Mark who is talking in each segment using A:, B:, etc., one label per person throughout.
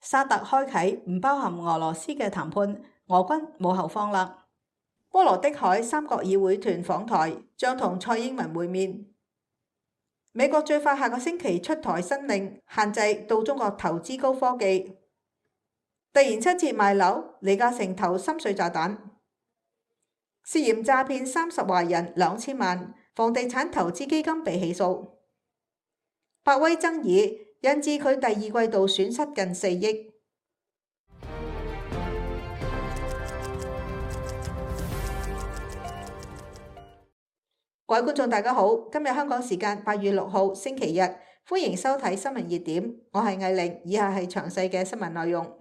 A: 沙特開啟唔包含俄羅斯嘅談判，俄軍冇後方啦。波羅的海三國議會團訪台，將同蔡英文會面。美國最快下個星期出台新令，限制到中國投資高科技。突然七折賣樓，李嘉誠投深水炸彈，涉嫌詐騙三十華人兩千萬，房地產投資基金被起訴。百威爭議，引致佢第二季度損失近四億。各位觀眾大家好，今日香港時間八月六號星期日，歡迎收睇新聞熱點，我係艾凌，以下係詳細嘅新聞內容。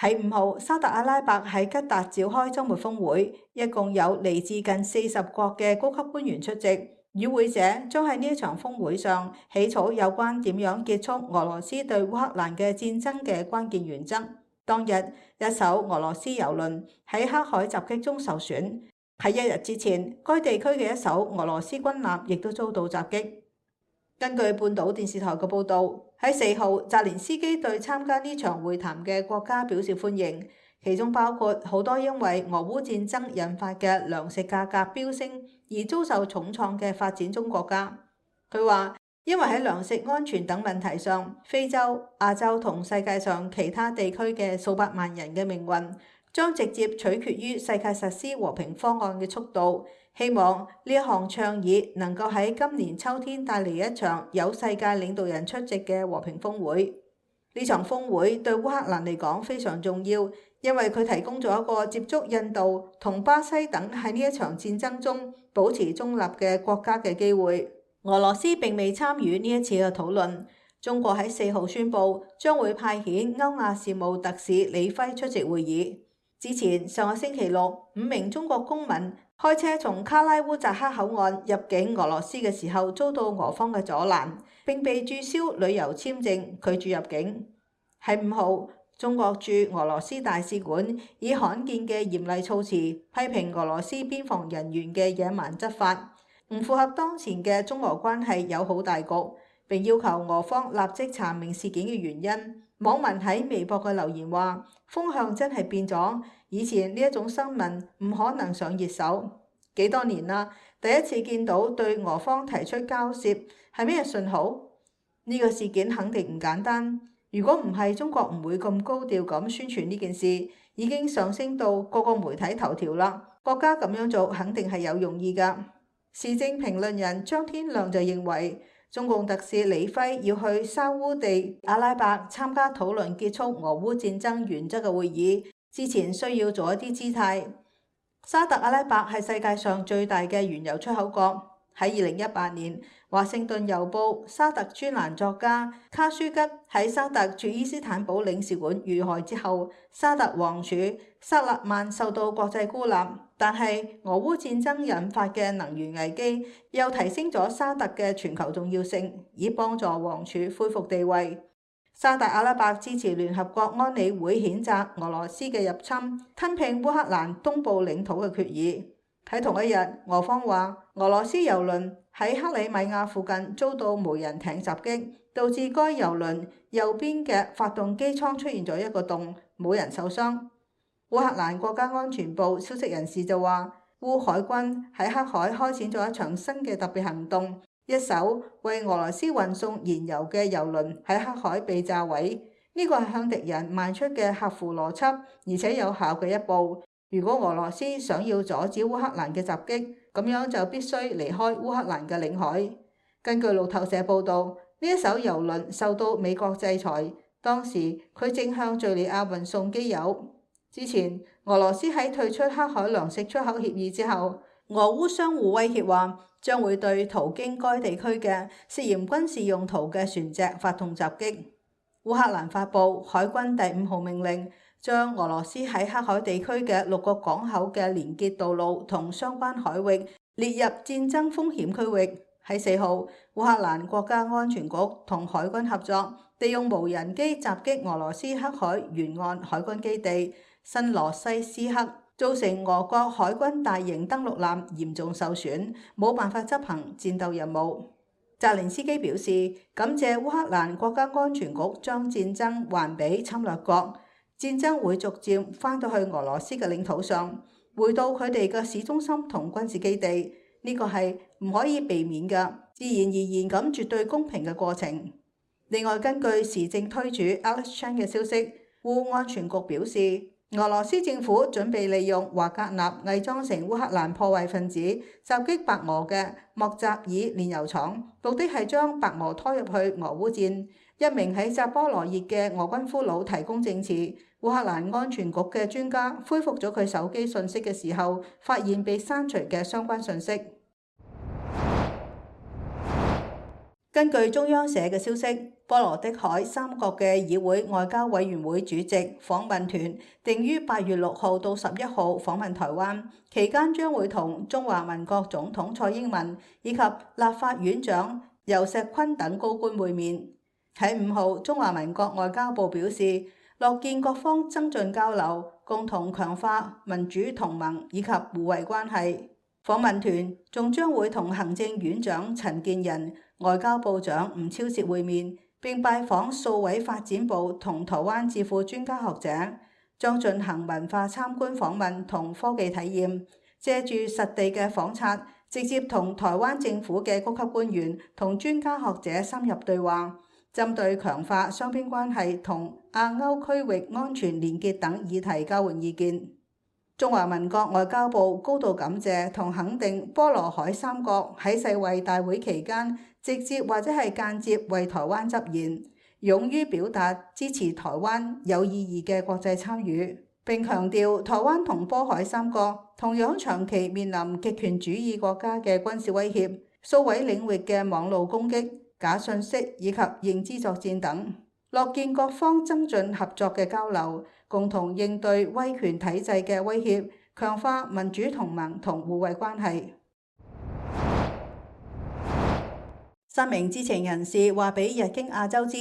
A: 喺五號，沙特阿拉伯喺吉達召開周末峰會，一共有嚟自近四十國嘅高級官員出席。與會者將喺呢場峰會上起草有關點樣結束俄羅斯對烏克蘭嘅戰爭嘅關鍵原則。當日，一艘俄羅斯油輪喺黑海襲擊中受損。喺一日之前，該地區嘅一艘俄羅斯軍艦亦都遭到襲擊。根據半島電視台嘅報導，喺四號，澤連斯基對參加呢場會談嘅國家表示歡迎。其中包括好多因為俄烏戰爭引發嘅糧食價格飆升而遭受重創嘅發展中國家。佢話：因為喺糧食安全等問題上，非洲、亞洲同世界上其他地區嘅數百萬人嘅命運，將直接取決於世界實施和平方案嘅速度。希望呢一項倡議能夠喺今年秋天帶嚟一場有世界領導人出席嘅和平峰會。呢場峰會對烏克蘭嚟講非常重要，因為佢提供咗一個接觸印度同巴西等喺呢一場戰爭中保持中立嘅國家嘅機會。俄羅斯並未參與呢一次嘅討論。中國喺四號宣布將會派遣歐亞事務特使李輝出席會議。之前，上個星期六，五名中國公民，開車從卡拉烏扎克口岸入境俄羅斯嘅時候，遭到俄方嘅阻攔，並被註銷旅遊簽證，拒絕入境。喺五號，中國駐俄羅斯大使館以罕見嘅嚴厲措辭批評俄羅斯邊防人員嘅野蠻執法，唔符合當前嘅中俄關係友好大局。並要求俄方立即查明事件嘅原因。網民喺微博嘅留言話：風向真係變咗，以前呢一種新聞唔可能上熱搜，幾多年啦？第一次見到對俄方提出交涉，係咩信號？呢、這個事件肯定唔簡單。如果唔係中國，唔會咁高調咁宣傳呢件事，已經上升到個個媒體頭條啦。國家咁樣做肯定係有用意噶。時政評論人張天亮就認為。中共特使李輝要去沙烏地阿拉伯參加討論結束俄烏戰爭原則嘅會議，之前需要做一啲姿態。沙特阿拉伯係世界上最大嘅原油出口國。喺二零一八年，華盛頓郵報沙特專欄作家卡舒吉喺沙特駐伊斯坦堡領事館遇害之後，沙特王儲薩勒曼受到國際孤立。但係俄烏戰爭引發嘅能源危機，又提升咗沙特嘅全球重要性，以幫助王儲恢復地位。沙特阿拉伯支持聯合國安理會譴責俄羅斯嘅入侵、吞併烏克蘭東部領土嘅決議。喺同一日，俄方話俄羅斯油輪喺克里米亞附近遭到無人艇襲擊，導致該油輪右邊嘅發動機艙出現咗一個洞，冇人受傷。烏克蘭國家安全部消息人士就話，烏海軍喺黑海開展咗一場新嘅特別行動，一艘為俄羅斯運送燃油嘅油輪喺黑海被炸毀。呢個係向敵人邁出嘅合乎邏輯，而且有效嘅一步。如果俄羅斯想要阻止烏克蘭嘅襲擊，咁樣就必須離開烏克蘭嘅領海。根據路透社報道，呢一艘油輪受到美國制裁，當時佢正向敘利亞運送機油。之前，俄羅斯喺退出黑海糧食出口協議之後，俄烏相互威脅話將會對途經該地區嘅涉嫌軍事用途嘅船隻發動襲擊。烏克蘭發布海軍第五號命令，將俄羅斯喺黑海地區嘅六個港口嘅連結道路同相關海域列入戰爭風險區域。喺四號，烏克蘭國家安全局同海軍合作，利用無人機襲擊俄羅斯黑海沿岸海軍基地。新羅西斯克造成俄國海軍大型登陸艦嚴重受損，冇辦法執行戰鬥任務。澤連斯基表示感謝烏克蘭國家安全局將戰爭還俾侵略國，戰爭會逐漸翻到去俄羅斯嘅領土上，回到佢哋嘅市中心同軍事基地。呢個係唔可以避免嘅，自然而然咁絕對公平嘅過程。另外，根據時政推主 Alex Chang 嘅消息，烏安全局表示。俄羅斯政府準備利用華格納偽裝成烏克蘭破壞分子襲擊白俄嘅莫扎爾煉油廠，目的係將白俄拖入去俄烏戰。一名喺扎波羅熱嘅俄軍俘虜提供證詞，烏克蘭安全局嘅專家恢復咗佢手機訊息嘅時候，發現被刪除嘅相關訊息。根據中央社嘅消息，波羅的海三國嘅議會外交委員會主席訪問團定於八月六號到十一號訪問台灣，期間將會同中華民國總統蔡英文以及立法院長游錫堃等高官會面。喺五號，中華民國外交部表示，樂見各方增進交流，共同強化民主同盟以及互惠關係。訪問團仲將會同行政院長陳建仁、外交部長吳釗燮會面，並拜訪數位發展部同台灣智庫專家學者，將進行文化參觀訪問同科技體驗，藉著實地嘅訪察，直接同台灣政府嘅高級官員同專家學者深入對話，針對強化雙邊關係同亞歐區域安全連結等議題交換意見。中華民國外交部高度感謝同肯定波羅海三國喺世衛大會期間直接或者係間接為台灣執言，勇於表達支持台灣有意義嘅國際參與，並強調台灣同波海三國同樣長期面臨極權主義國家嘅軍事威脅、數位領域嘅網路攻擊、假信息以及認知作戰等。樂見各方增進合作嘅交流，共同應對威權體制嘅威脅，強化民主同盟同互惠關係。三名知情人士話俾日經亞洲知，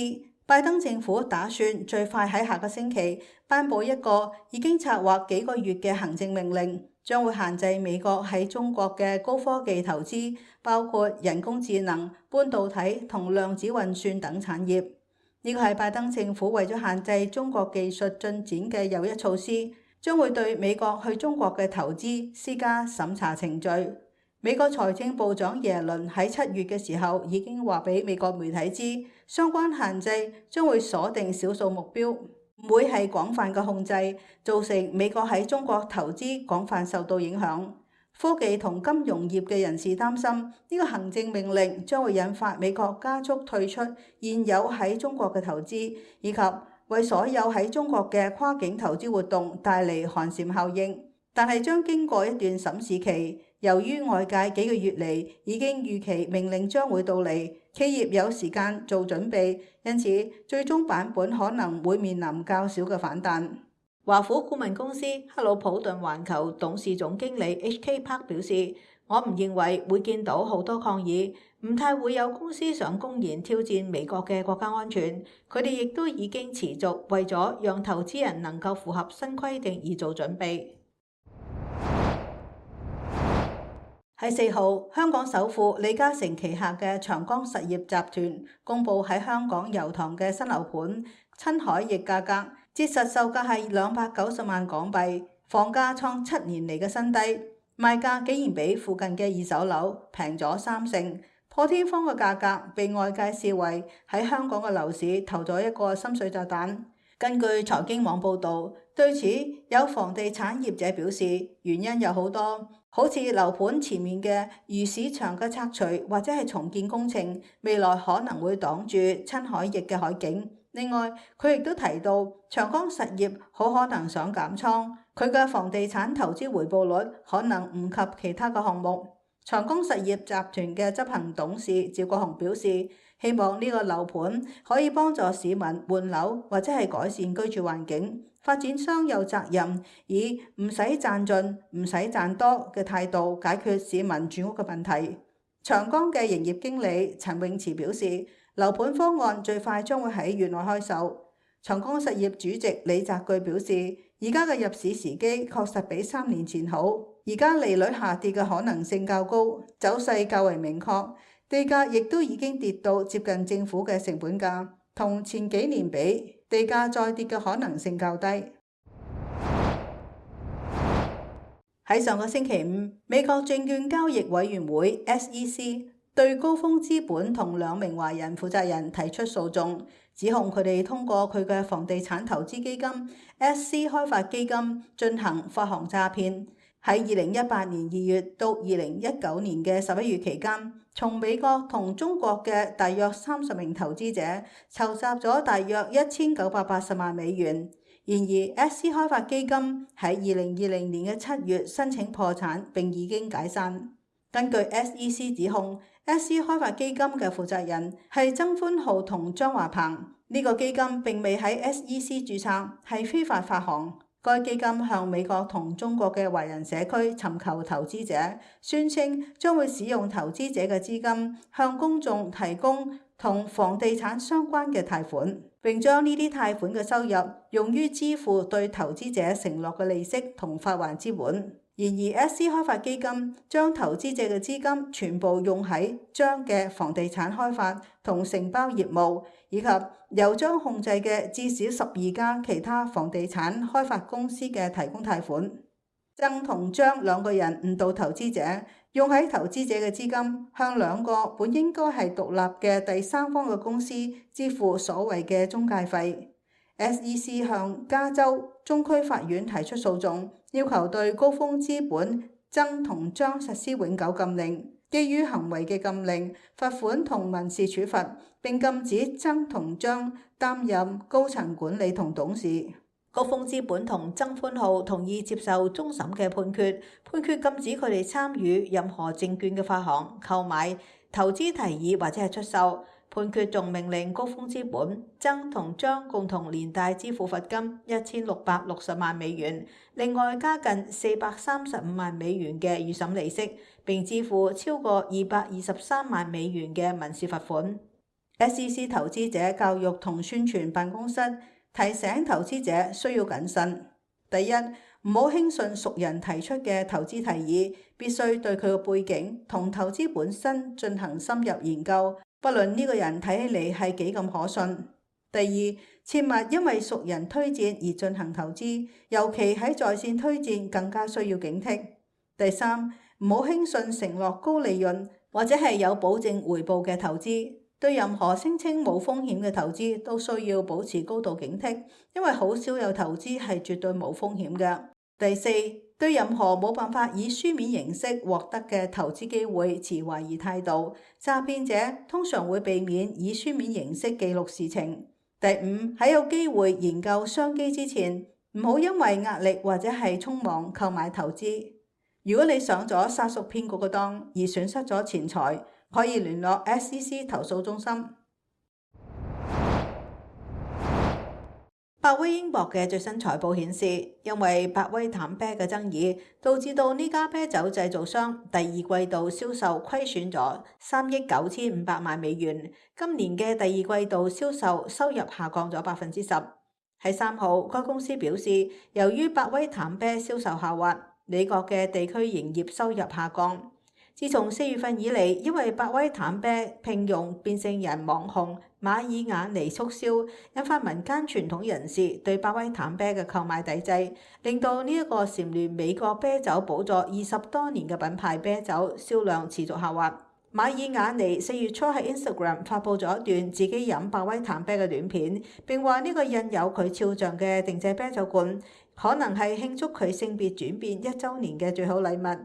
A: 拜登政府打算最快喺下個星期頒布一個已經策劃幾個月嘅行政命令，將會限制美國喺中國嘅高科技投資，包括人工智能、半導體同量子運算等產業。呢個係拜登政府為咗限制中國技術進展嘅又一措施，將會對美國去中國嘅投資施加審查程序。美國財政部長耶倫喺七月嘅時候已經話俾美國媒體知，相關限制將會鎖定少數目標，唔會係廣泛嘅控制，造成美國喺中國投資廣泛受到影響。科技同金融業嘅人士擔心呢個行政命令將會引發美國加速退出現有喺中國嘅投資，以及為所有喺中國嘅跨境投資活動帶嚟寒蟬效應。但係將經過一段審視期，由於外界幾個月嚟已經預期命令將會到嚟，企業有時間做準備，因此最終版本可能會面臨較少嘅反彈。華府顧問公司克魯普頓環球董事總經理 H.K.Park 表示，我唔認為會見到好多抗議，唔太會有公司想公然挑戰美國嘅國家安全。佢哋亦都已經持續為咗讓投資人能夠符合新規定而做準備。喺四號，香港首富李嘉誠旗下嘅長江實業集團公布喺香港油塘嘅新樓盤親海翼價格。折實售價係兩百九十萬港幣，房價創七年嚟嘅新低，賣價竟然比附近嘅二手樓平咗三成，破天荒嘅價格被外界視為喺香港嘅樓市投咗一個深水炸彈。根據財經網報道，對此有房地產業者表示，原因有好多，好似樓盤前面嘅魚市場嘅拆除或者係重建工程，未來可能會擋住親海翼嘅海景。另外，佢亦都提到長江實業好可能想減倉，佢嘅房地產投資回報率可能唔及其他嘅項目。長江實業集團嘅執行董事趙國雄表示，希望呢個樓盤可以幫助市民換樓或者係改善居住環境。發展商有責任以唔使賺盡、唔使賺多嘅態度解決市民住屋嘅問題。長江嘅營業經理陳永慈表示。樓盤方案最快將會喺月內開售。長江實業主席李澤鉅表示，而家嘅入市時機確實比三年前好。而家利率下跌嘅可能性較高，走勢較為明確。地價亦都已經跌到接近政府嘅成本價，同前幾年比，地價再跌嘅可能性較低。喺 上個星期五，美國證券交易委員會 SEC。對高峰資本同兩名華人負責人提出訴訟，指控佢哋通過佢嘅房地產投資基金 S.C. 開發基金進行發行詐騙。喺二零一八年二月到二零一九年嘅十一月期間，從美國同中國嘅大約三十名投資者籌集咗大約一千九百八十萬美元。然而，S.C. 開發基金喺二零二零年嘅七月申請破產，並已經解散。根據 S.E.C. 指控。S E 開發基金嘅負責人係曾歡浩同張華鵬，呢、這個基金並未喺 S E C 註冊，係非法發行。該基金向美國同中國嘅華人社區尋求投資者，宣稱將會使用投資者嘅資金向公眾提供同房地產相關嘅貸款，並將呢啲貸款嘅收入用於支付對投資者承諾嘅利息同發還資本。然而，SC 開發基金將投資者嘅資金全部用喺張嘅房地產開發同承包業務，以及由張控制嘅至少十二家其他房地產開發公司嘅提供貸款。鄭同張兩個人誤導投資者，用喺投資者嘅資金向兩個本應該係獨立嘅第三方嘅公司支付所謂嘅中介費。SEC 向加州中區法院提出訴訟，要求對高峰資本、曾同章實施永久禁令，基於行為嘅禁令、罰款同民事處罰，並禁止曾同章擔任高層管理同董事。高峰資本同曾寬浩同意接受終審嘅判決，判決禁止佢哋參與任何證券嘅發行、購買、投資提議或者係出售。判決仲命令高峰資本曾同張共同連帶支付罰金一千六百六十萬美元，另外加近四百三十五萬美元嘅預審利息，並支付超過二百二十三萬美元嘅民事罰款。SEC 投資者教育同宣傳辦公室提醒投資者需要謹慎：第一，唔好輕信熟人提出嘅投資提議，必須對佢個背景同投資本身進行深入研究。不論呢個人睇起嚟係幾咁可信。第二，切勿因為熟人推薦而進行投資，尤其喺在在線推薦更加需要警惕。第三，唔好輕信承諾高利潤或者係有保證回報嘅投資。對任何聲稱冇風險嘅投資都需要保持高度警惕，因為好少有投資係絕對冇風險嘅。第四。對任何冇辦法以書面形式獲得嘅投資機會持懷疑態度。詐騙者通常會避免以書面形式記錄事情。第五，喺有機會研究商機之前，唔好因為壓力或者係匆忙購買投資。如果你上咗殺熟騙局嘅當而損失咗錢財，可以聯絡 SEC 投訴中心。百威英博嘅最新財報顯示，因為百威淡啤嘅爭議，導致到呢家啤酒製造商第二季度銷售虧損咗三億九千五百萬美元。今年嘅第二季度銷售收入下降咗百分之十。喺三號，該公司表示，由於百威淡啤售銷售下滑，美國嘅地區營業收入下降。自從四月份以嚟，因為百威淡啤聘用變性人網紅馬爾雅尼促銷，引發民間傳統人士對百威淡啤嘅購買抵制，令到呢一個蟬聯美國啤酒寶座二十多年嘅品牌啤酒銷量持續下滑。馬爾雅尼四月初喺 Instagram 發布咗一段自己飲百威淡啤嘅短片，並話呢個印有佢肖像嘅定製啤酒罐，可能係慶祝佢性別轉變一週年嘅最好禮物。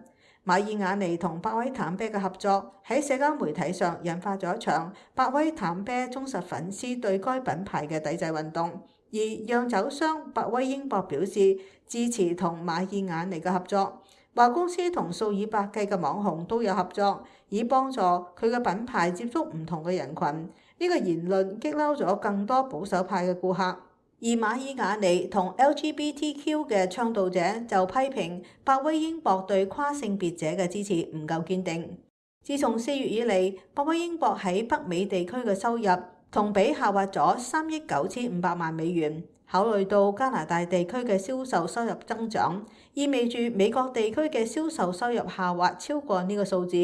A: 馬爾雅尼同百威淡啤嘅合作喺社交媒體上引發咗一場百威淡啤忠實粉絲對該品牌嘅抵制運動，而釀酒商百威英博表示支持同馬爾雅尼嘅合作，話公司同數以百計嘅網紅都有合作，以幫助佢嘅品牌接觸唔同嘅人群。呢、這個言論激嬲咗更多保守派嘅顧客。而馬爾瓦尼同 LGBTQ 嘅倡導者就批評百威英博對跨性別者嘅支持唔夠堅定。自從四月以嚟，百威英博喺北美地區嘅收入同比下滑咗三億九千五百萬美元。考慮到加拿大地區嘅銷售收入增長，意味住美國地區嘅銷售收入下滑超過呢個數字。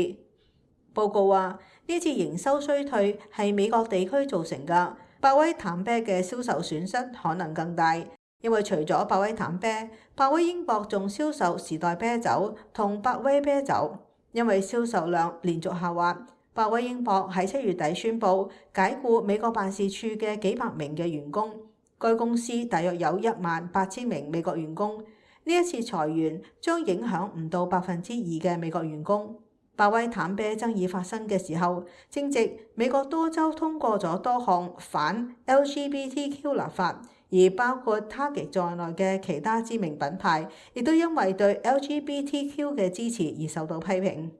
A: 報告話呢次營收衰退係美國地區造成㗎。百威淡啤嘅銷售損失可能更大，因為除咗百威淡啤，百威英博仲銷售時代啤酒同百威啤酒，因為銷售量連續下滑，百威英博喺七月底宣布解僱美國辦事處嘅幾百名嘅員工，該公司大約有一萬八千名美國員工，呢一次裁員將影響唔到百分之二嘅美國員工。百威淡啤爭議發生嘅時候，正值美國多州通過咗多項反 LGBTQ 立法，而包括 Target 在內嘅其他知名品牌，亦都因為對 LGBTQ 嘅支持而受到批評。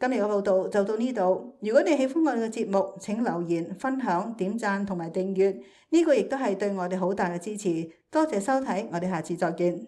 A: 今日嘅報道就到呢度。如果你喜歡我哋嘅節目，請留言、分享、點讚同埋訂閱，呢、這個亦都係對我哋好大嘅支持。多謝收睇，我哋下次再見。